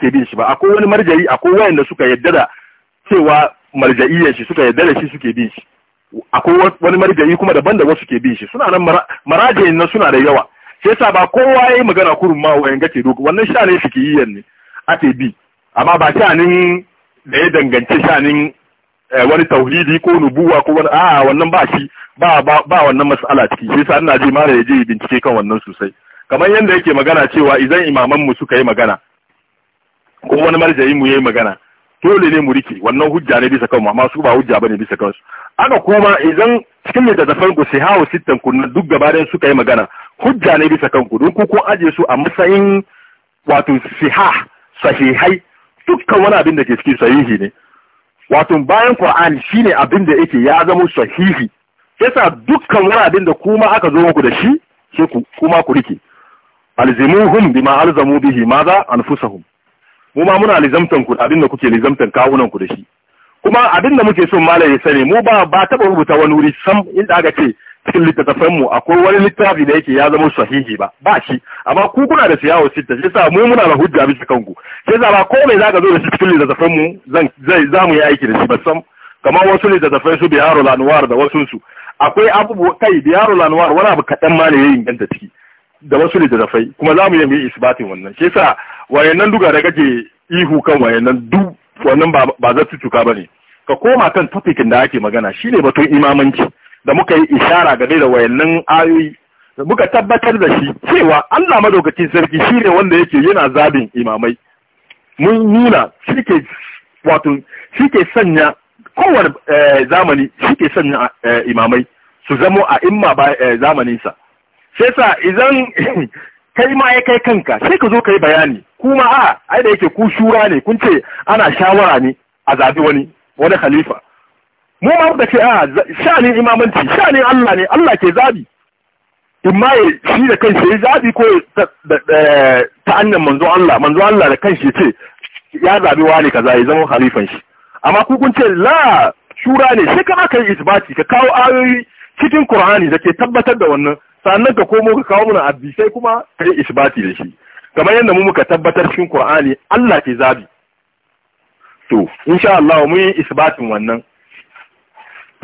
ke bin shi ba akwai wani marjayi akwai wayanda suka yadda da cewa marja'iyyar shi suka yadda da shi suke bin shi akwai wani marjayi kuma daban da wasu ke bin shi suna nan marajayin nan suna da yawa sai sa ba kowa yayi magana kurun ma wayan gace doka. wannan shane fikiyyan ne ake bi amma ba shanin da ya danganci shanin eh, wani tauhidi ko nubuwa ko wani a wannan ba shi ba ba wannan mas'ala ciki sai sa ina ji mara yaje bincike kan wannan sosai kamar yanda yake magana cewa idan imamanmu suka yi magana ko wani marjayi mu yayi magana dole ne mu rike wannan hujja ne bisa kanmu amma su ba hujja bane bisa kansu aka kuma idan cikin littattafan farko sai hawo sittan ku duk gabaɗayan suka yi magana hujja ne bisa kanku don ku kun aje su a matsayin wato siha sahihai dukkan wani abin da ke cikin sahihi ne wato bayan Qur'ani shine abin da yake ya zama sahihi yasa dukkan wani abin da kuma aka zo muku da shi sai ku kuma ku rike alzimuhum bima alzamu bihi maza anfusahum mu ma muna lizamtan ku abinda kuke lizamtan kawunan ku da shi kuma abinda muke son malam ya sani mu ba ba taba rubuta wani wuri sam inda aka ce cikin littattafan mu akwai wani littafi da yake ya zama sahihi ba ba shi amma ku kuna da siyawo sita shi yasa mu muna da hujja bisa kanku shi yasa ba komai ka zo da shi cikin littattafan mu zan zai zamu yi aiki da shi ba sam kamar wasu littattafai su biharul anwar da wasu akwai abubuwa kai biharul anwar wani abu kaɗan ma ne ya inganta ciki da wasu littattafai kuma za mu yi isbatin wannan shi yasa wayannan duga da kake ihu kan wayannan duk wannan ba za su cuka ne. ka koma kan topikin da ake magana shine batun imamanci da muka yi ishara game da wayannan ayoyi muka tabbatar da shi cewa Allah madaukakin sarki shine wanda yake yana zabin imamai mun nuna shi ke wato shi sanya kowar eh, zamani shi ke sanya eh, imamai su zamo a imma eh, zamaninsa sai sa idan kai ma ya kai kanka sai ka zo ka yi bayani kuma a ai da yake ku shura ne kun ce ana shawara ne a zabi wani wani khalifa mu ma da ce a sha'anin imamanci sha'anin Allah ne Allah ke zabi ma ya shi da kanshi shi zabi ko ta annan manzo Allah manzo Allah da kanshi ce ya zabi wani kaza ya zama halifan shi amma ku kun ce la shura ne sai ka aka yi isbati ka kawo ayoyi cikin Qur'ani da ke tabbatar da wannan sannan ka komo ka kawo mana sai kuma ka yi isbati da shi kamar yadda mu muka tabbatar cikin Qur'ani Allah ke zabi to insha Allah mu yi isbatin wannan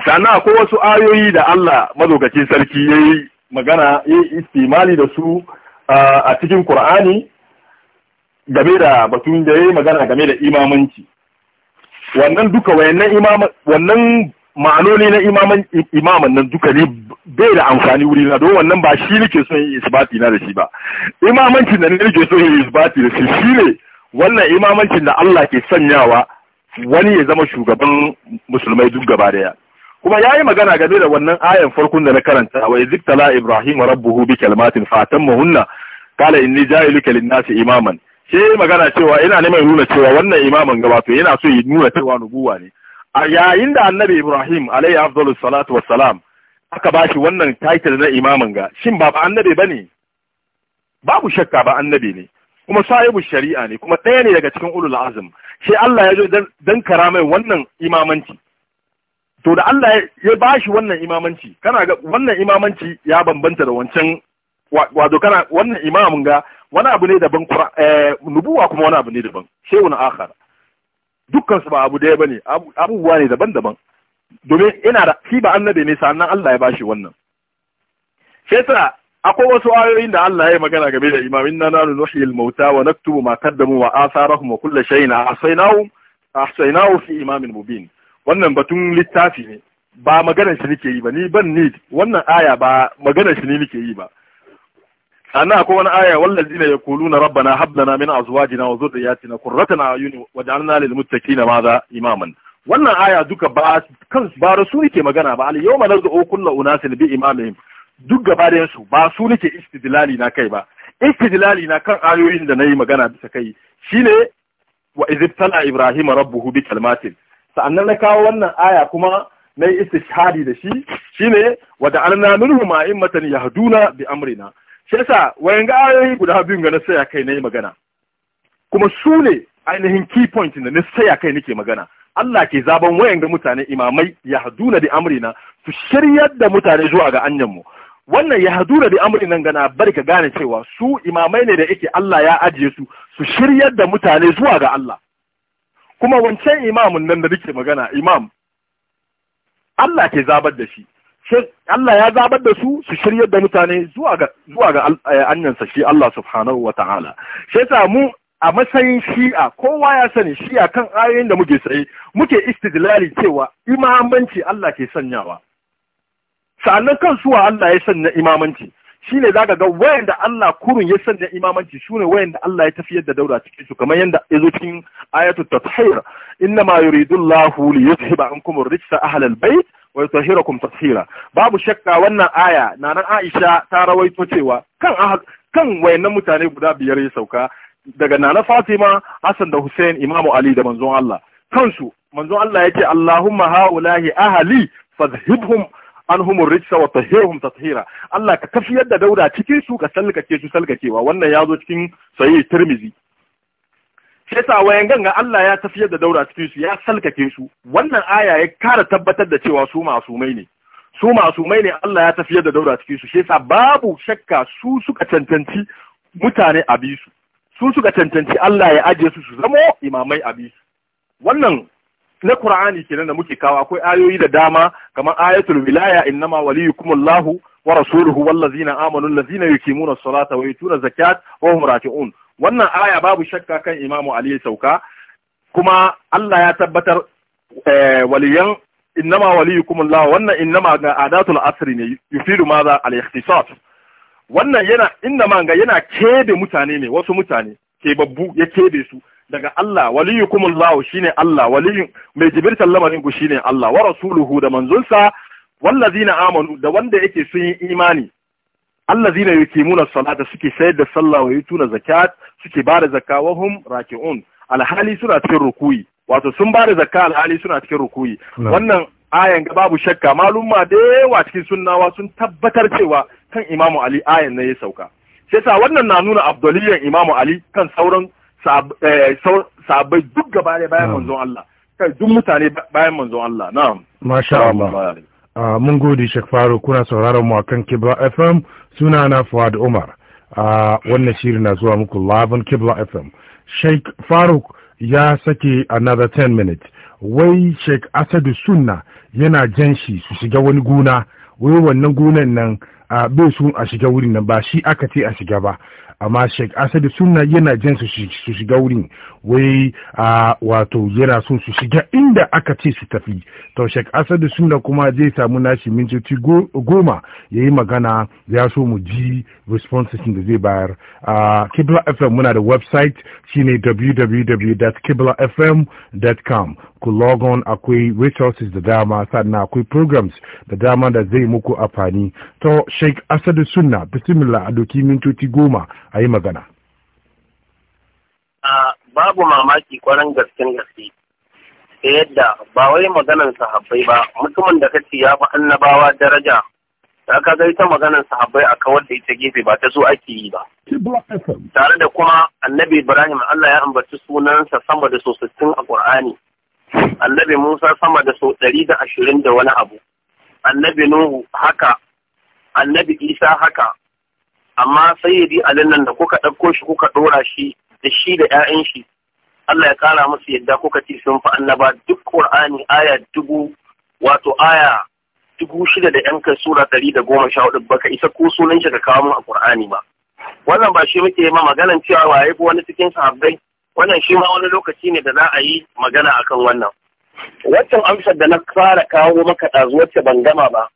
sannan akwai wasu ayoyi da Allah madaukacin sarki ya yi magana ya yi istimali da su a cikin Qur'ani game da batun da yi magana game da imamanci wannan duka wayannan imaman wannan ma'anoni na imaman imaman nan duka ne bai da amfani wuri na don wannan ba shi nake son yi isbati na da shi ba imamancin da nake son yi isbati da shi shi ne wannan imamancin da Allah ke sanyawa wani ya zama shugaban musulmai duk gaba daya kuma yayi magana game da wannan ayan farkon da na karanta wa izktala ibrahim rabbuhu bi kalmatin fatammahunna qala inni ja'iluka lin-nasi imaman sai magana cewa ina neman nuna cewa wannan imaman gaba to yana so ya nuna cewa nubuwa ne a yayin da annabi ibrahim alayhi afdalus salatu wassalam aka ba shi wannan title na imamin ga shin ba annabi ba ne babu shakka ba annabi ne kuma sahibu shari'a ne kuma ɗaya ne daga cikin ulul azum sai Allah ya zo dan kara mai wannan imamanci to da Allah ya ba shi wannan imamanci kana ga wannan imamanci ya bambanta da wancan wato kana wannan imamin ga wani abu ne daban eh, nubuwa kuma wani abu ne daban sai wani akhar dukkan su ba abu daya bane abubuwa ne daban-daban domin ina da shi ba annabi ne sannan Allah ya bashi wannan sai sa akwai wasu ayoyin da Allah ya magana game da imamin na nanu nuhyil mauta wa naktubu ma qaddamu wa atharahum wa kullu shay'in ahsaynahu ahsaynahu fi imamin mubin wannan batun littafi ne ba maganar shi nake yi ba ni ban ni. wannan aya ba maganar shi ne nake yi ba sannan akwai wani aya wallazina yaquluna rabbana hab lana min azwajina wa dhurriyyatina qurrata a'yun waj'alna lil muttaqina maza imaman wannan aya duka ba kan ba ne ke magana ba al yawma nazu kullu unasin bi imamihim duk gaba da su ba su nake istidlali na kai ba istidlali na kan ayoyin da nayi magana bisa kai shine wa izibtala ibrahim rabbuhu bi kalmatin sa'annan na kawo wannan aya kuma na yi istishhadi da shi shine wa da'alna minhum a'immatan yahduna bi amrina shi yasa wayan ga ayoyi guda biyun ga na saya kai nayi magana kuma su ne ainihin key point da na saya kai nake magana Allah ke zaben wayan ga mutane imamai ya haduna da amrina su shiryar da mutane zuwa ga anyanmu wannan ya haduna da amrinan gana bari ka gane cewa su imamai ne da yake Allah ya ajiye su su shiryar da mutane zuwa ga Allah kuma wancan imamun nan da nake magana imam Allah ke zabar da shi Allah ya zabar da su su shiryar da mutane zuwa ga zuwa ga eh, anyansa shi Allah subhanahu wa ta'ala shi yasa mu a matsayin shi'a kowa ya sani shi'a kan ayoyin da muke tsaye muke istidlali cewa imamanci Allah ke sanyawa sannan kan suwa Allah ya sanya imamanci shine zaka ga wayanda Allah kurun ya sanya imamanci shine wayanda Allah ya tafiyar da daura cikin su kamar yanda yazo cikin ayatul tathhir inna ma yuridu Allahu li yuzhiba ankum ar-rijsa ahla al-bayt wa yutahhirakum babu shakka wannan aya nanan Aisha ta rawaito cewa kan kan wayannan mutane guda biyar ya sauka daga nana fatima hassan da hussein imamu ali da manzon allah kansu manzon allah ya ce allahumma haulahi ahali an anhum rijsa wa tahhirhum tathira allah ka tafiyar da dauda cikin su ka salkace su salkacewa wannan ya zo cikin sahih tirmizi sai sa wayan ganga allah ya tafiyar da dauda cikin su ya salkake su wannan aya ya kara tabbatar da cewa su masumai ne su masumai ne allah ya tafiyar da dauda cikin su sai sa babu shakka su suka cancanci mutane a bisu su suka cancanci Allah ya ajiye su su zamo imamai a bisu wannan na Qur'ani kenan da muke kawo akwai ayoyi da dama kamar ayatul wilaya innama waliyukumullahu wa rasuluhu wallazina amanu yuqimuna as-salata wa yutuna zakat wa hum raki'un wannan aya babu shakka kan imamu Ali ya sauka kuma Allah ya tabbatar eh, waliyan innama waliyukumullahu wannan innama ga adatul asri ne yufidu maza al-ikhtisas wannan yana inda manga yana kebe mutane ne wasu mutane ke babbu ya kebe su daga Allah waliyukumullahu shine Allah waliyin mai jibirtar lamarin ku shine Allah wa rasuluhu da manzunsa, wallazina amanu da wanda yake sun yi imani allazina yuqimuna salata suke sayar da sallah wa yutuna zakat suke bada zakka wa hum raki'un alhali suna cikin rukuyi wato sun ba da zakka alhali suna cikin rukuyi wannan ayan ga babu shakka malumma da yawa cikin sunnawa sun tabbatar cewa kan imamu ali ayan na ya sauka sai sa wannan na nuna abdulliyan imamu ali kan sauran sabai eh, duk gaba da bayan manzon Allah kai duk mutane bayan manzon Allah na'am masha Allah ah, mun gode Sheikh Faruk kuna sauraron mu akan Kibla FM suna na Fuad Umar ah, wannan shirin na zuwa muku live Kibla FM Sheikh Faruk ya sake another 10 minutes wai Sheikh Asadu Sunna yana jan shi su shiga wani guna. wai wannan gonan nan a bai sun a shiga wurin nan ba shi aka ce a shiga ba amma shek asadi suna yana jan su shiga wurin wai a wato yana son su shiga inda aka ce su tafi to shek asadi suna kuma zai samu nashi mintoci goma ya yi magana ya so mu ji responses da zai bayar a kibla fm muna da website shine www.kiblafm.com ku logon akwai resources da dama sannan akwai programs da dama da zai muku amfani to sheik asadu sunna bismillah a doki mintoci goma a yi magana babu mamaki kwarin gasken gaske ta yadda ba wai maganan sahabbai ba mutumin da kace ya fi annabawa daraja da ka ga ita maganan sahabbai a kawar da ita gefe ba ta so ake yi ba tare da kuma annabi ibrahim allah ya ambaci sunansa sama da so a qur'ani annabi Musa sama da sau ɗari da ashirin da wani abu annabi Nuhu haka annabi Isa haka amma sai sayyidi alin nan da kuka ɗauko shi kuka ɗora shi da shi da 'ya'yan shi Allah ya kara musu yadda kuka ci sun fi annaba duk Kur'ani aya dubu wato aya dubu shida da yan kai sura ɗari da goma sha hudu baka isa ko sunan shi ka kawo mu a Kur'ani ba wannan ba shi muke ma maganan cewa waye ko wani cikin sahabbai wannan shi ma wani lokaci ne da za a yi magana akan wannan waccan amsar da na fara kawo maka ɗazu wacce ban gama ba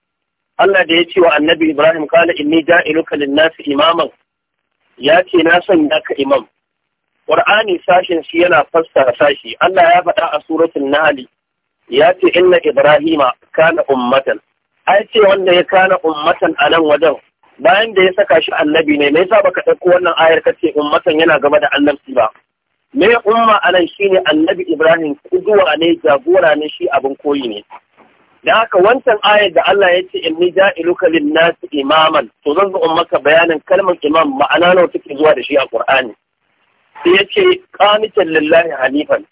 Allah da ya ce wa annabi Ibrahim kala inni ja'iluka lin-nasi imaman ya ce na sanya ka imam Qur'ani sashin shi yana fassara sashi Allah ya faɗa a suratul Nahl ya ce inna Ibrahima kana ummatan ai ce wanda ya kana ummatan a nan wajen bayan da ya saka shi annabi ne me yasa baka ɗauko wannan ayar kace ummatan yana gaba da annabci ba me umma anan shine annabi ibrahim kuduwa ne jagora ne shi abin koyi ne da haka wancan ayar da Allah ya ce inni ja'iluka lin-nasi imaman to zan zo maka bayanin kalmar imam ma'ana nawa take zuwa da shi a Qur'ani sai ya ce qanitan lillahi hanifan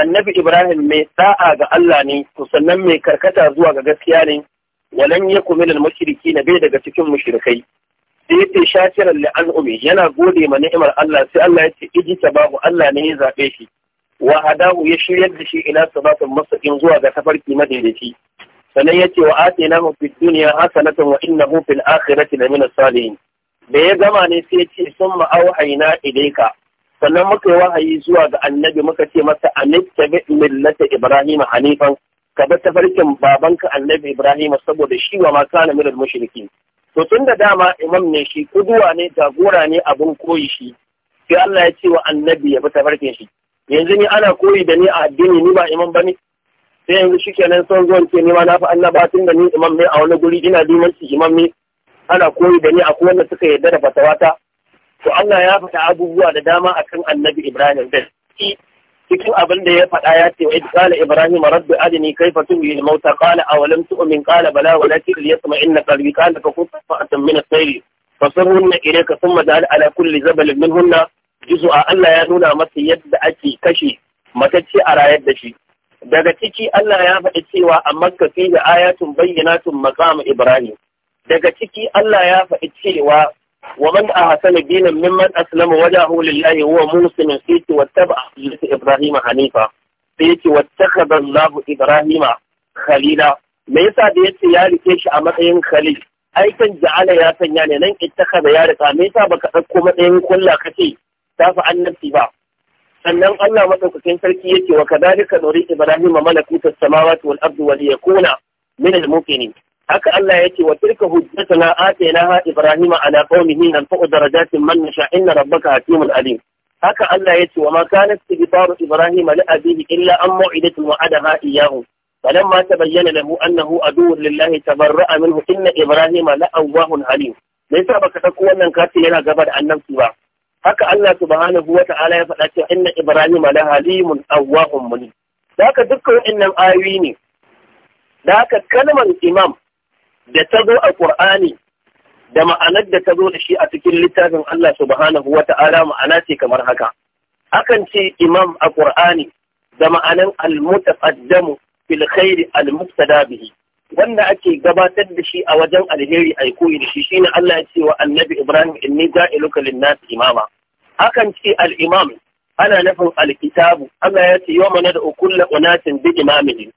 annabi Ibrahim mai sa'a ga Allah ne to sannan mai karkata zuwa ga gaskiya ne walan yakun minal mushrikin bai daga cikin mushrikai sai shakiran li an'umi yana gode ma ni'imar Allah sai Allah ya ce iji babu Allah ne ya zaɓe shi wa hadahu ya shiryar da shi ina sabatin mustaqim zuwa ga tafarki madaidaici sannan ya ce wa atainahu fid dunya hasanatan wa innahu fil akhirati lamina salihin da ya gama ne sai ya ce summa auhayna ilayka sannan muka yi wahayi zuwa ga annabi muka ce masa anittabi millata ibrahim hanifan ka bi tafarkin babanka annabi ibrahim saboda shi wa ma kana minal mushrikin to tun da dama imam ne shi kuduwa ne jagora ne abin koyi shi sai Allah ya ce wa annabi ya bi tafarkin shi yanzu ni ana koyi da ni a addini ni ba imam bane sai yanzu shikenan son zuwan ce ni ma na fi annaba tun da ni imam ne a wani guri ina shi imam ne ana koyi da ni a wanda suka yarda da fatawata to Allah ya fita abubuwa da dama akan annabi Ibrahim da cikin abin da ya faɗa ya ce wa kala ibrahim rabbi adni kayfa tuhyi al-mauta qala aw lam tu'min qala bala walakin liyatma'inna qalbi qala ka khudh fa'atan min as-sayr fasarhunna ilayka thumma da'al ala kulli zabalin minhunna juz'a Allah ya nuna masa yadda ake kashe matacce a rayar da shi daga ciki Allah ya faɗi cewa a Makka fi da ayatun bayyanatun maqam Ibrahim daga ciki Allah ya faɗi cewa ومن أحسن دينا ممن أسلم وجهه لله هو موسم فيك واتبع ملة إبراهيم حنيفا فيك واتخذ الله إبراهيم خليلا me yasa da yace ya rike shi a matsayin khalil Aikin kan ja'ala ya sanya ne nan takarda ya rika me yasa baka dauko matsayin kulla kace tafi annabi ba sannan Allah madaukakin sarki yake wa kadalika nuri ibrahima malakuta samawati wal ardi yakuna min al muqinin haka Allah yake wa tilka hujjatuna ha ibrahima ala qaumihi nan fa'u darajatin man nasha inna rabbaka hakimun alim haka Allah yake wa ma kana istighfaru ibrahima li abihi illa an mu'idatin wa'adaha iyyahu فلما تبين له انه عدو لله تبرأ منه ان ابراهيم لأواه عليم ليس baka dauko wannan kafin yana gaba da annabci ba haka Allah subhanahu ta'ala ya faɗa cewa inna ibrahima la halimun awwahum muni da haka dukkan wa'annan ayoyi ne da haka kalmar imam da ta zo a Qur'ani da ma'anar da ta zo da shi a cikin littafin Allah subhanahu wa ta'ala ma'ana ce kamar haka akan ce imam a Kur'ani, da ma'anar al-mutaqaddamu fil khairi al bihi wanda ake gabatar da shi a wajen alheri a koyi da shi shine Allah ya ce wa annabi Ibrahim inni ja'iluka lin-nas imama akan ce al-imam ana nufin al-kitabu Allah ya ce da nad'u kullu unasin bi imamihim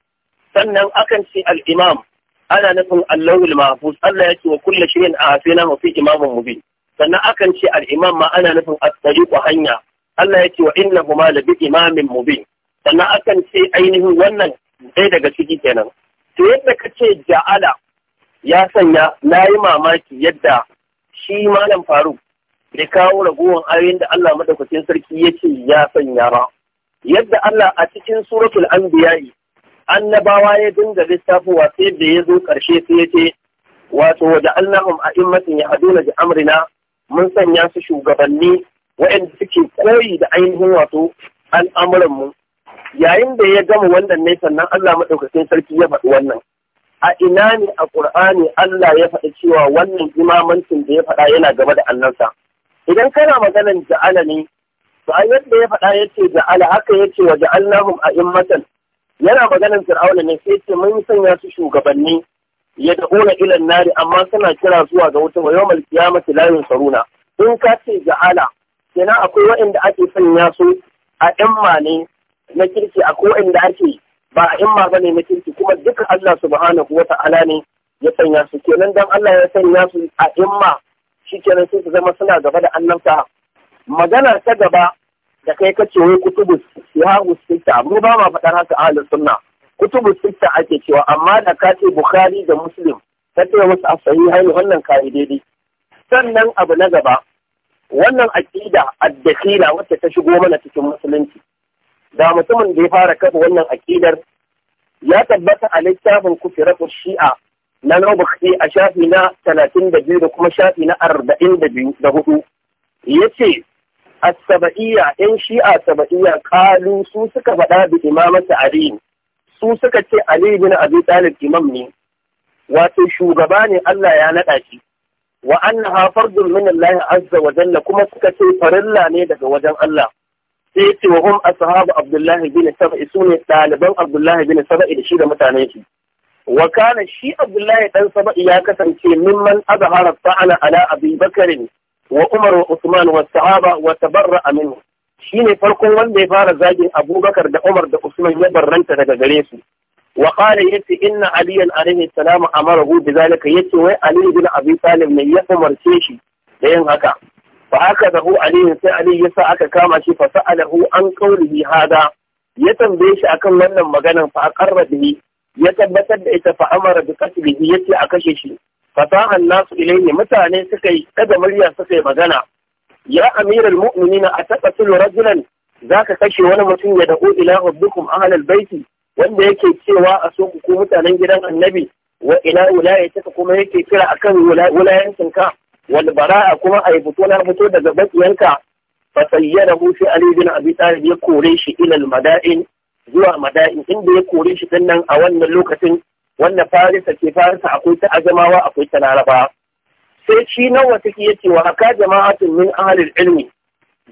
sannan akan ce al-imam ana nufin allahul mahfuz Allah ya ce wa kullu shay'in ahsaynahu fi imamin mubin sannan akan ce al-imam ma ana nufin at-tariq hanya Allah ya ce wa innahu la bi imamin mubin sannan akan ce ainihin wannan ɗaya daga ciki kenan to yadda ka ce ja'ala ya sanya na yi mamaki yadda shi malam faruk da kawo ragowar ayoyin da Allah madaukakin sarki ya ce ya sanya ba yadda Allah a cikin suratul anbiya'i annabawa ya dinga lissafowa sai da ya zo ƙarshe sai ya ce wato da allahum a ya haduna da amrina mun sanya su shugabanni waɗanda suke koyi da ainihin wato al'amuranmu yayin da ya gama wannan ne sannan Allah maɗaukacin sarki ya faɗi wannan a ina ne a ƙur'ani Allah ya faɗi cewa wannan imamancin da ya faɗa yana gaba da annansa idan kana maganan ja'ala ne to a yadda ya faɗa ya ce ja'ala haka ya ce wa ja'alnahum a yana maganin fir'auna ne sai ce mun sanya su shugabanni ya da'una ilan nari amma suna kira zuwa ga wuta wa yawmal qiyamati la yunsaruna in ka ce ja'ala kenan akwai waɗanda ake sanya su a imma ne na kirki akwai da ake ba a imma ba ne na kirki kuma duka Allah subhanahu wa ta'ala ne ya sanya su kenan dan Allah ya sanya su a imma shikenan sai su zama suna gaba da annabta magana ta gaba da kai kace wai kutubu ya usitta mu ba ma faɗar haka ahlus sunna kutubu sita ake cewa amma da ka ce bukhari da muslim ta ce wasu a sahihaini wannan kayan daidai sannan abu na gaba wannan aƙida addakila wacce ta shigo mana cikin musulunci da mutumin da ya fara kafa wannan aƙidar ya tabbata a littafin kufiratu shi'a na nabukhti a shafi na talatin da kuma shafi na arba'in ya ce as yan shi'a sab'iyya kalu su suka faɗa da imamata ali su suka ce ali bin abi talib imam ne wato shugaba ne Allah ya naɗa shi wa annaha fardun min Allah azza wa jalla kuma suka ce farilla ne daga wajen Allah sai ce wa hum ashabu Abdullahi bin Sab'i sune ɗaliban Abdullahi bin Sab'i da shi da shi wa kana shi Abdullahi dan Sab'i ya kasance mimman azhara ta'ala ala Abi Bakr wa Umar wa Usman wa Sahaba wa tabarra aminu shine farkon wanda ya fara zagin Abubakar da Umar da Usman ya barranta daga gare su wa qala yace inna aliyan alaihi salam amarahu bi zalika yace wai ali bin abi talib ne ya umarce shi da yin haka fa haka da ali sai ali yasa aka kama shi fa sa'alahu an qawlihi hada ya tambaye shi akan wannan maganan fa aqarra bihi ya tabbatar da ita fa amara bi qatlihi yace a kashe shi fasahan nasu ilaini, mutane suka yi Kada murya suka yi magana ya amiral mu'minina a taqatulu rajulan zaka kashe wani mutum ya da'u ila rabbikum ahlal baiti wanda yake cewa a so ku mutanen gidan annabi wa ila wilayataka kuma yake kira akan wilayancin ka wal bara'a kuma ayi fito na fito daga bakiyanka fa sayyarahu fi ali bin abi talib ya kore shi ila al mada'in zuwa mada'in inda ya kore shi dinnan a wannan lokacin wanda farisa ce farisa akwai ta azamawa akwai ta laraba sai shi nawa take yace wa haka jama'atun min ahlil ilmi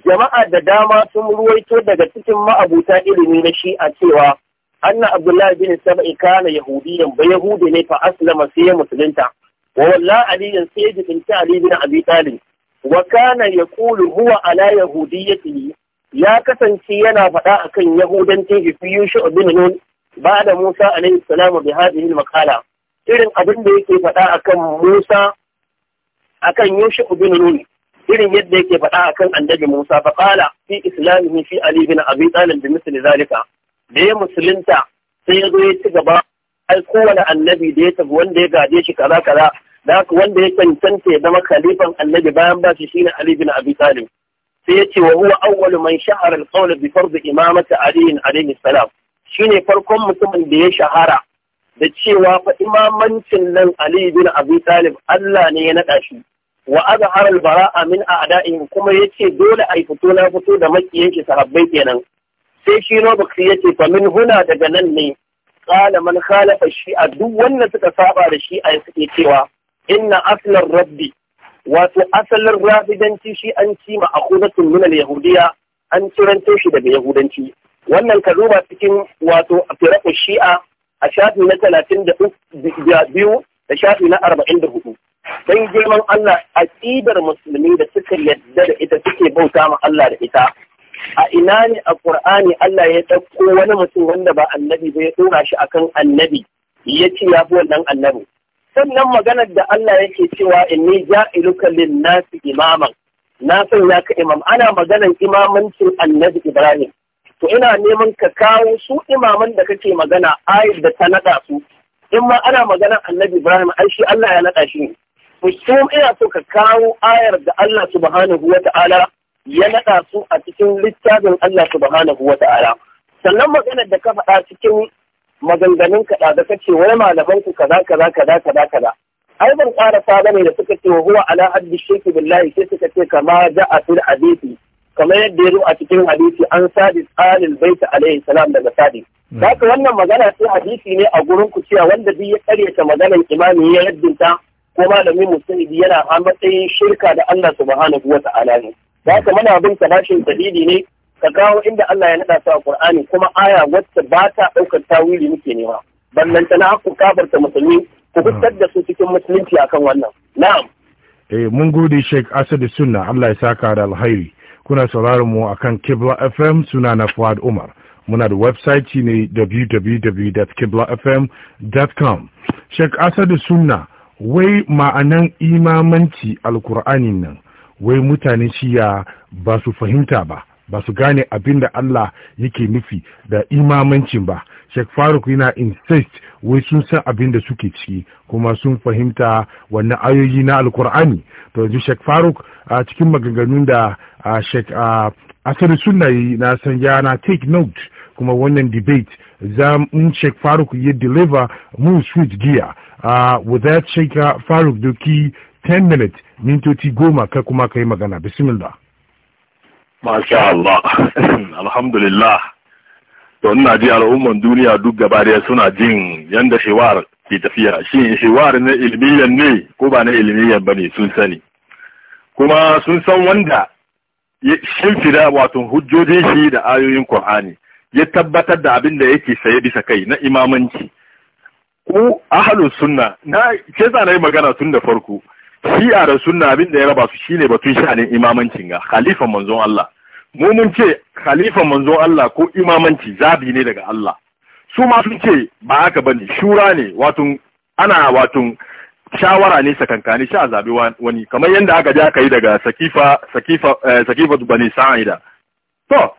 jama'a da dama sun ruwaito daga cikin ma'abuta ilimi na shi'a cewa anna abdullahi bin sab'i kana yahudiyan ba yahudi ne fa aslama sai musulunta wa walla aliyan sai jibinta ali bin abi talib wa kana yaqulu huwa ala yahudiyyatihi ya kasance yana faɗa akan Yahudan shi fi yushu bin nun ba da Musa alaihi salamu bi hadhihi makala irin abin da yake faɗa akan Musa akan Yusuf bin Nun irin yadda yake faɗa akan annabi Musa fa fi islamihi fi Ali bin Abi Talib bi misli zalika da ya musulunta sai ya zo ya ci gaba ai kowane annabi da ya tafi wanda ya gaje shi kaza kaza da haka wanda ya cancanta ya zama khalifan annabi bayan ba shi shine Ali bin Abi sai ya ce wa huwa awwalu man shahara al-qawl bi fard imamati Ali alayhi salam shine farkon mutumin da ya shahara da cewa fa imamancin nan Ali bin Abi Talib Allah ne ya naɗa shi wa azhara al-bara'a min a'da'ihim kuma yace dole a fito na fito da makiyan shi sahabbai kenan sai shi Bakri yace fa min huna daga nan ne qala man khalafa shi'a duk wanda suka saba da shi'a suke cewa inna aslar rabbi wato asalin rafidanci shi an ci a min nuna Yahudiya, an ciranto shi daga yahudanci wannan ka duba cikin wato firaku shi'a a shafi na talatin da biyu da shafi na arba'in da hudu don girman Allah aƙidar musulmi da suka yadda da ita suke bauta ma Allah da ita a ina ne a Qur'ani Allah ya ɗauko wani mutum wanda ba annabi ba ya ɗora shi akan annabi ya ce ya fi wannan annabi sannan maganar da Allah yake cewa inni ja'iluka lin-nasi imaman na sanya ka imam ana maganar imamancin annabi Ibrahim to ina neman ka kawo su imaman da kake magana ayat da ta naɗa su in ma ana magana annabi Ibrahim ai shi Allah ya naɗa shi ne to su ina so ka kawo ayar da Allah subhanahu wa ta'ala ya naɗa su a cikin littafin Allah subhanahu wa ta'ala sannan maganar da ka faɗa cikin maganganun kaɗa da kace wai malaman ku kaza kaza kaza kaza kaza ai ban ƙara fa bane da suka ce huwa ala haddi shirki billahi sai suka ce kama ja'a fil hadisi kamar yadda ya zo a cikin hadisi an sadi tsarin baita alaihi salam daga sadi Daka hmm. wannan magana sai hadisi ne a gurin ku cewa wanda bi ya karyata maganar imami ya yaddinta ko malami musulmi yana a matsayin shirka da Allah subhanahu wa ta'ala ne Daka muna bin ta bashin dalili ne ka kawo inda Allah ya nada su a Kur'ani kuma aya wacce ba ta daukar tawili muke nema ta na haku kabarta musulmi ku hmm. fitar da su cikin musulunci akan wannan na'am eh mun gode Sheikh Asad Sunna Allah ya saka da alhairi kuna sauraron mu akan Kibla FM suna na Fuad Umar muna da website ne www.kiblafm.com Sheikh Asadu Sunna wai ma'anan imamanci alkur'ani nan wai mutane shiya ba su fahimta ba ba su gane abin da Allah yake nufi da imamancin ba Sheikh Faruk yana insist wai sun san abin da suke ciki kuma sun fahimta wannan ayoyi na alkur'ani to yanzu Sheikh Faruk a cikin maganganun da Sheikh Asar Sunna yi na san na take note kuma wannan debate za mu Sheikh Faruk ya deliver mu switch gear uh, with that Sheikh Faruk doki 10 minutes mintoci goma ka kuma kai magana bismillah Masha Allah, alhamdulillah. to ina ji al'umman duniya duk gaba daya suna jin yanda shewar ke tafiya shi shewar na ilmiyan ne ko ba na ilmiyan bane sun sani kuma sun san wanda shimfida wato hujjojin shi da ayoyin Qur'ani ya tabbatar da abin da yake saye bisa kai na imamanci ko ahlus sunna na ke zan yi magana tun da farko shi a da sunna abin da ya raba su shine batun sha'anin imamancin ga khalifan manzon Allah mu mun ce khalifa manzon Allah ko imamanci zabi ne daga Allah su ma sun ce ba haka bane shura ne wato ana wato shawara ne sakankani sha zabi wani kamar yadda aka ji aka yi daga sakifa sakifa eh, sakifa bani sa'ida to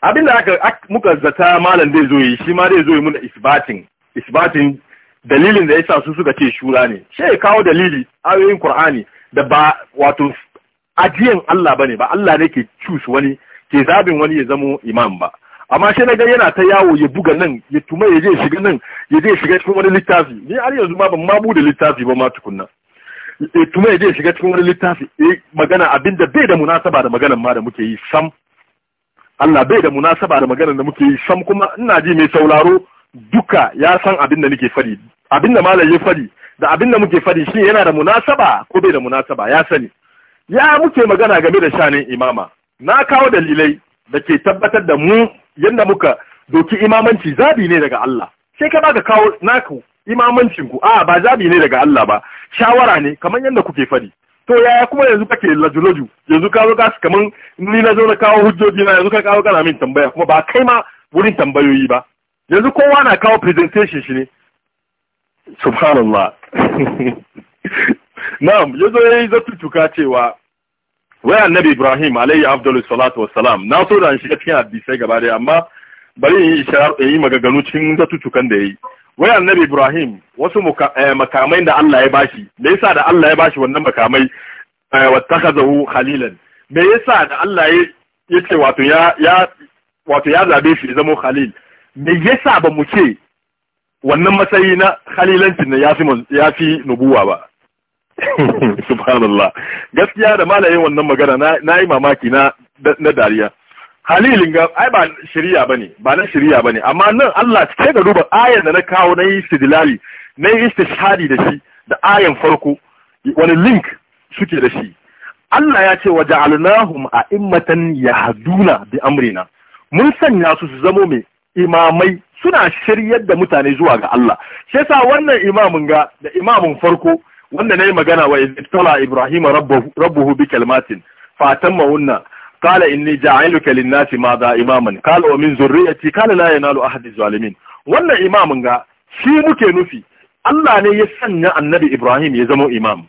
abinda aka muka zata malam zai zo yi shi ma zai zo yi muna isbatin isbatin dalilin da yasa su suka ce shura ne ya kawo dalili ayoyin qur'ani da ba wato ajiyan Allah bane ba Allah ne ke cus wani ke zabin wani ya zamo imam ba amma shi naga yana ta yawo ya buga nan ya tuma ya je shiga nan ya je shiga cikin wani littafi ni har yanzu ma ban ma bude littafi ba ma tukunna ya tuma ya je shiga cikin wani littafi eh magana abinda bai da munasaba da maganar ma da muke yi sam Allah bai da munasaba da maganar da muke yi sam kuma ina ji mai sauraro duka ya san abinda nake fadi abinda da malam ya fadi da abinda muke fadi shi yana da munasaba ko bai da munasaba ya sani ya muke magana game da shanin imama na kawo dalilai da ke tabbatar da mu yadda muka doki imamanci zabi ne daga Allah sai ka baka kawo naku imamancin ku a ba zabi ne daga Allah ba shawara ne kamar yadda kuke fadi to yaya kuma yanzu kake lajuloju yanzu ka zo ka kamar ni na zo na kawo hujjoji na yanzu ka kawo kana min tambaya kuma ba kai ma wurin tambayoyi ba yanzu kowa na kawo presentation shi ne subhanallah na'am ya yi yayi tuka cewa wai annabi Ibrahim alayhi afdalus salatu wassalam na so da shiga cikin hadisai gaba da amma bari in yi yi magaganu cikin tukan da yayi wai annabi Ibrahim wasu eh, makamai da Allah ya bashi me yasa da Allah ya bashi wannan makamai wa eh, wattakhazahu khalilan me yasa da Allah ya ce wato ya ya wato ya zabe shi zama khalil me yasa ba mu ce wannan matsayi na khalilancin ne ya fi nubuwa ba subhanallah gaskiya da malayin wannan magana na yi mamaki na dariya halilin ga ai ba shari'a bane ba na bane amma nan Allah ce ga duba ayar da na kawo na yi dilali na yi istishhadi da shi da ayan farko wani link suke da shi Allah ya ce waje a immatan ya haduna bi amrina mun sanya su su zamo mai imamai suna shiryar da mutane zuwa ga Allah shi yasa wannan imamin ga da imamin farko wanda na yi magana wa ibtala ibrahima rabbuhu bi kalmatin fa tammahunna qala inni ja'iluka lin-nasi madha imaman Kala wa min zurriyyati kala la yanalu ahadi zalimin wannan imamin ga shi muke nufi Allah ne ya sanya annabi Ibrahim ya zama imam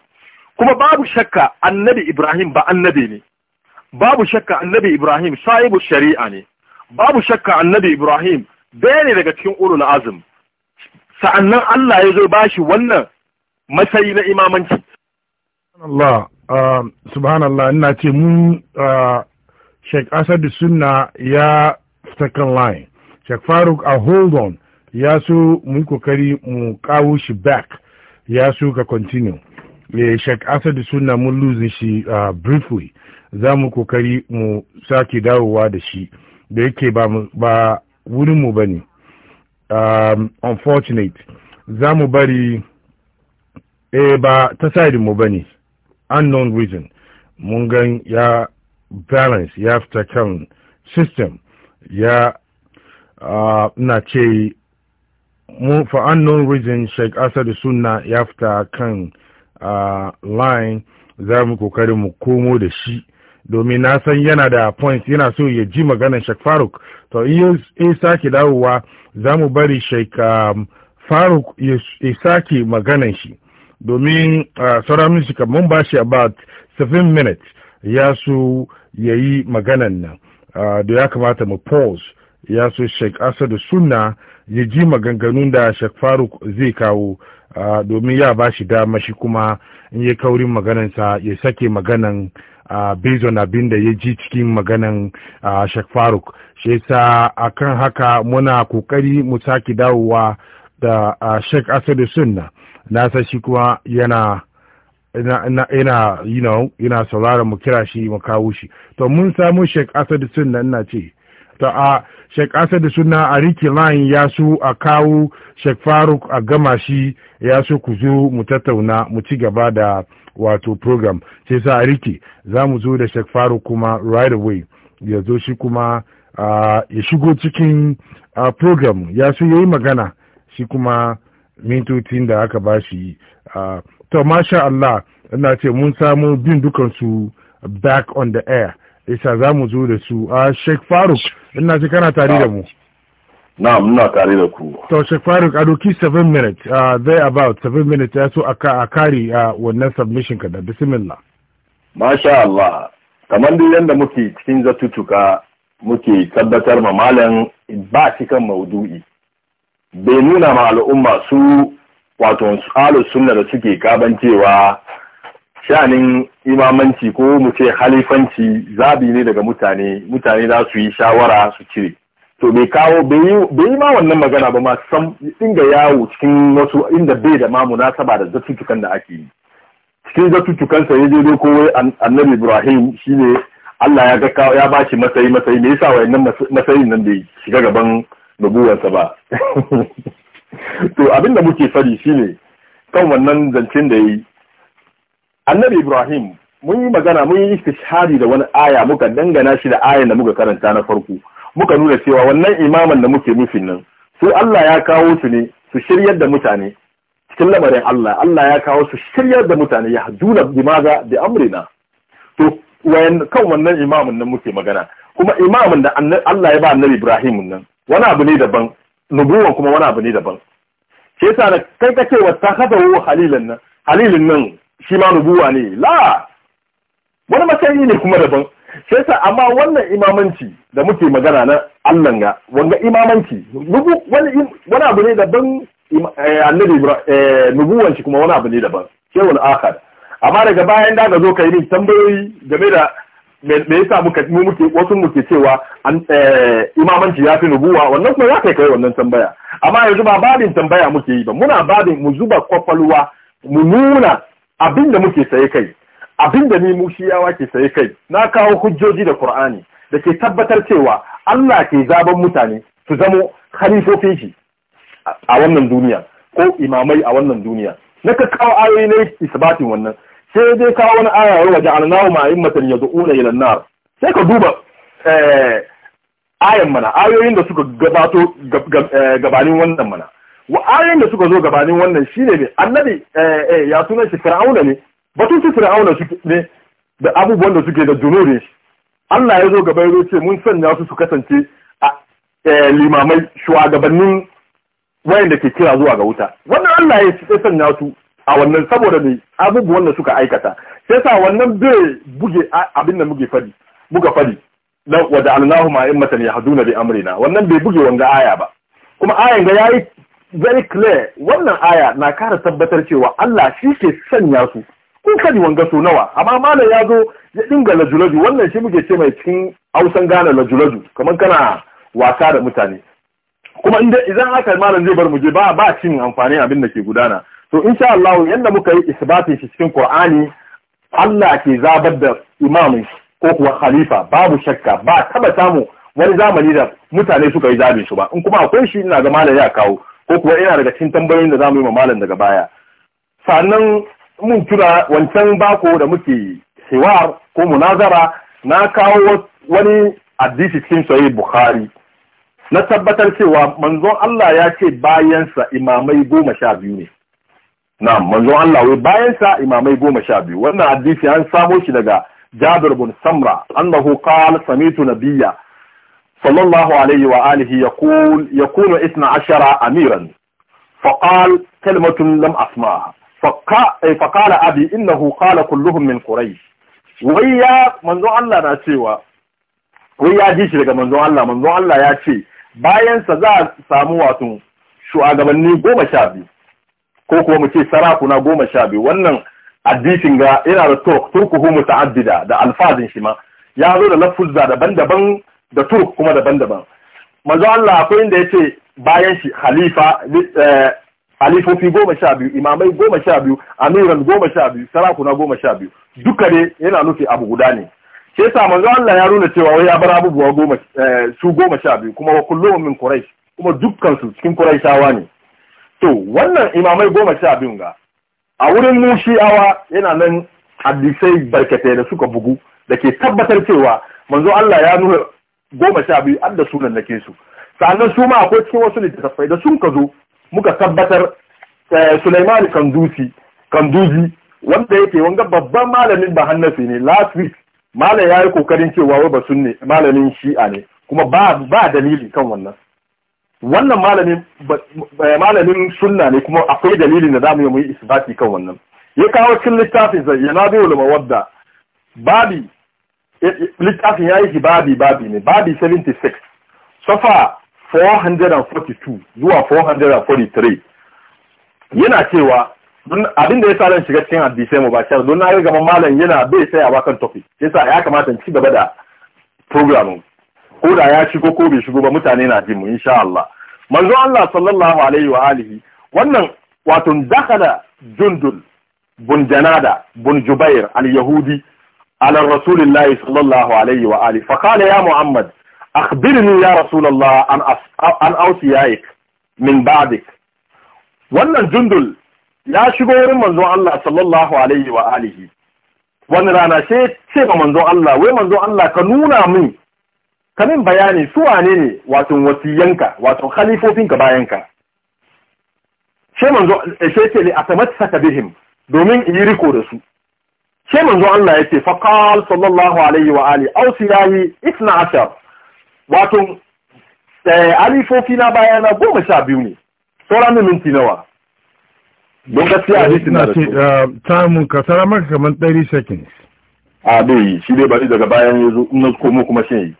kuma babu shakka annabi Ibrahim ba annabi ne babu shakka annabi Ibrahim sahibu shari'a ne babu shakka annabi Ibrahim daya ne daga cikin ulul azum sa'annan Allah ya zo bashi wannan matsayi na imamanci Allah ah, subhanallah ina ce mu ah, Sheikh Asad Sunna ya second line Sheikh Faruk a ah, hold on ya so mu kokari mu kawo shi back ya so ka continue eh, Sheikh Asad Sunna mun lose shi briefly za mu kokari mu sake dawowa da shi da yake ba wurinmu ba ne unfortunate za mu bari eh ba ta side mu bane unknown reason mun gan ya balance ya fita kan system ya ah, na ce for unknown reason sheikh asadu sunna ya fita kan ah, line za mu kokari mu komo da shi domin na san yana da points yana so ya ji maganar sheikh faruk to in sake dawowa za mu bari sheikh ah, faruk ya sake maganar shi domin ah, sauran mintika mun ba shi about 7 minutes ya so ya yi maganan nan ah, da ya kamata mu pause ya so sheik asadu suna ya ji maganganun da sheik faruk zai kawo ah, domin ya ba shi dama shi kuma in ya kaurin maganansa ya sake maganan Uh, bezon abin da ya ji cikin maganan uh, Faruk shi yasa akan haka muna kokari mu sake dawowa da uh, Asadu Sunna na san shi kuma yana ina you know ina sauraron mu kira shi mu kawo shi to mun samu Sheikh Asad Sunna ina ce to a Sheikh Asad Sunna a riki line ya su a kawo Sheikh Faruk a gama shi ya su ku zo mu tattauna mu ci gaba da wato program sai sa a riki za mu zo da Sheikh Faruk kuma right away ya zo shi kuma ya shigo cikin program ya su yayi magana shi kuma mintocin da aka ba bashi to masha Allah ina ce mun samu bin dukansu back on the air isa za mu zo da su a sheik faruk ina ce kana tare da mu na muna tare da ku to sheik faruk a doki 7 minutes uh, about 7 minutes ya so a kari wannan submission ka da bismillah masha Allah kamar duk yadda muke cikin zatutuka muke tabbatar ma ba shi kan maudu'i bai nuna ma al'umma su wato tsalo sunna da suke kabancewa shanin imamanci ko mu ce halifanci zabi ne daga mutane mutane za su yi shawara su cire to bai kawo bai yi ma wannan magana ba ma san inda yawo cikin wasu inda bai da ma munasaba da tutukan da ake yi cikin zattutukan sa ya je ko wai annabi ibrahim shine Allah ya ga ya ba shi matsayi matsayi me yasa wayannan matsayin nan da ya shiga gaban nubuwarsa ba to abinda muke fari shine kan wannan zancen da yi annabi ibrahim mun yi magana mun yi istishari da wani aya muka dangana shi da ayan da muka karanta na farko muka nuna cewa wannan imaman da muke nufin nan su Allah ya kawo su ne su shiryar da mutane cikin lamarin Allah Allah ya kawo su shiryar da mutane ya hajjuna bimaza da amrina to wayan kan wannan imamin nan muke magana kuma imamin da Allah ya ba annabi Ibrahim nan wani abu ne daban nubuwan kuma wani abu ne daban ke sa da kai kake wata haɗa wo halilin nan halilin nan shi ma nubuwa ne la wani matsayi ne kuma daban ke sa amma wannan imamanci da muke magana na Allah ga wanga imamanci nubu wani wani abu ne daban eh, annabi eh, nubuwan shi kuma wani abu ne daban shehun akhar amma daga bayan da ka zo kai min tambayoyi game da me yasa muka mu muke wasu muke cewa an eh, imamanci ya fi nubuwa wannan kuma ya kai kai wannan tambaya amma yanzu ba babin tambaya muke yi ba muna babin mu zuba kwakwalwa mu nuna abin muke saye kai abinda da ni ke saye kai na kawo hujjoji da qur'ani da ke tabbatar cewa Allah ke zaben mutane su zamo khalifofin shi a wannan duniya ko imamai a wannan duniya na ka kawo ayoyi ne isbatin wannan sai dai kawo wani aya wa ja'alnahu ma'immatan yad'una ila an-nar sai ka duba eh ayan mana ayoyin da suka gabato eh, gabanin wannan mana wa ayoyin da suka zo gabanin wannan shine ne annabi eh, eh ya sunan shi fir'auna ne batun su fir'auna shi ne da abubuwan da suke da junubin shi Allah ya zo gaba ya ce mun sanya su su kasance a eh, limamai shugabannin wayanda ke kira zuwa ga wuta wannan Allah ya sanya su a wannan saboda ne abubuwan da suka aikata sai sa wannan bai buge abin da muke fadi muka fadi na wada allahu ma immatan yahduna bi amrina wannan bai buge wanga aya ba kuma ayan ga yayi very clear wannan aya na kara tabbatar cewa Allah shi ke sanya su ko kadi wanga so nawa amma malam ya zo ya dinga lajulaju wannan shi muke ce mai cikin hausan gane lajulaju kamar kana wasa da mutane kuma idan haka malam zai bar mu je ba ba cin amfani abin da ke gudana to insha Allah yanda muka yi isbatin shi cikin Qur'ani Allah ke zabar da imamin ko kuwa khalifa babu shakka ba taba samu wani zamani da mutane suka yi zabin shi ba in kuma akwai shi ina ga malami ya kawo ko kuwa ina daga cikin tambayoyin da zamu yi ma malam daga baya sannan mun tura wancan bako da muke hiwar ko munazara na kawo wani hadisi cikin sahih bukhari na tabbatar cewa manzon Allah ya ce bayansa imamai goma sha biyu ne na manzon Allah wai bayan sa imamai goma sha biyu wannan hadisi an samo shi daga Jabir bin Samra annahu qala samitu nabiyya sallallahu alaihi wa alihi yaqul yakunu 12 amiran فقال كلمة لم أسمعها فقال أبي إنه قال كلهم من قريش ويا Wai ya ناسيوا shi daga manzon Allah? Manzon Allah ya ce, bayan sa za a samu wato shugabanni goma sha biyu ko kuma mu ce sarakuna goma sha biyu wannan hadisin ga yana da turk turkuhu muta'addida da alfazin shi ma ya zo da lafuzza daban-daban da turk kuma daban-daban manzo Allah akwai inda yace bayan shi khalifa eh, halifofi goma sha biyu imamai goma sha biyu amiran goma sha biyu sarakuna goma sha biyu duka ne yana nufi abu guda ne sai sa manzo Allah ya nuna cewa wai ya bar abubuwa goma eh, su goma sha biyu kuma wa kullum min quraish kuma dukkan su cikin quraishawa ne to wannan imamai goma sha biyun ga a wurin mushiyawa yana nan hadisai barkatai da suka bugu da ke tabbatar cewa manzo Allah ya nuna goma sha biyu an da sunan ke su sannan su ma akwai cikin wasu littattafai da sun ka zo muka tabbatar eh, sulaimani Kanduzi, Kanduzi wanda yake wanga babban malamin ba hannafi ne last week malam ya yi kokarin cewa wai ba sunne malamin shi'a ne kuma ba dalili kan wannan wannan eh, malamin sunna ne kuma akwai dalilin da zamu yi mu yi isbati kan wannan ya kawo cikin littafin sa yanabiyul mawadda babi eh, eh, littafin yayi shi babi babi ne babi 76 safa 442 zuwa 443 yana cewa abinda abin da ya sa ran shiga cikin hadisai mu ba bashar don na ga gaban malam yana bai ba kan topic yasa ya kamata in ci gaba da programming koda ya shigo ko bai shigo ba mutane na jin mu insha Allah manzo Allah sallallahu alaihi wa alihi wannan wato dakala jundul bun janada bun jubair al-yahudi ala رسول sallallahu alaihi wa alihi وآله فقال يا محمد أخبرني يا رسول an عن أوصيائك من بعدك wannan jundul ya shigo wurin manzo Allah sallallahu alaihi wa alihi wannan rana sai ce ga manzon Allah wai manzo Allah ka nuna min kamin bayani su wane ne wato wasiyanka wato khalifofinka bayanka she manzo eh, she ce li atamassaka bihim domin yi riko da su she manzo Allah yace fa qal sallallahu alaihi wa ali awsilahi 12 wato eh, alifofi na bayana goma sha biyu ne sauran minti nawa don gaskiya hadisi na da su eh, mun ka maka kamar 30 seconds a ah, bai shi dai bari daga bayan yanzu, in na komo kuma shi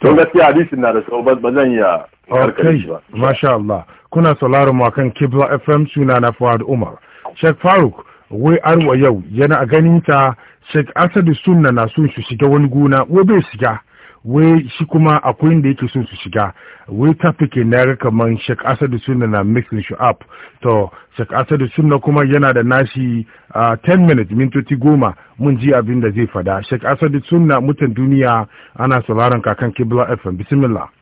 to gaskiya hadisin na da sau ba zan iya karkare shi ba masha Allah kuna sauraron mu akan Kibla FM suna na Fuad Umar Sheikh Faruk wai arwa yau yana ganin ta Sheikh Asadu Sunna na sun shi shiga wani gona wai bai shiga wai shi kuma akwai inda yake so su shiga wai tafike na yaga kaman shek asadu suna na mixing shi up to shek asadu suna kuma yana da nashi 10 minutes mintoti goma mun ji abin da zai fada shek asadu suna mutan duniya ana sauraron kakan kibla fm bismillah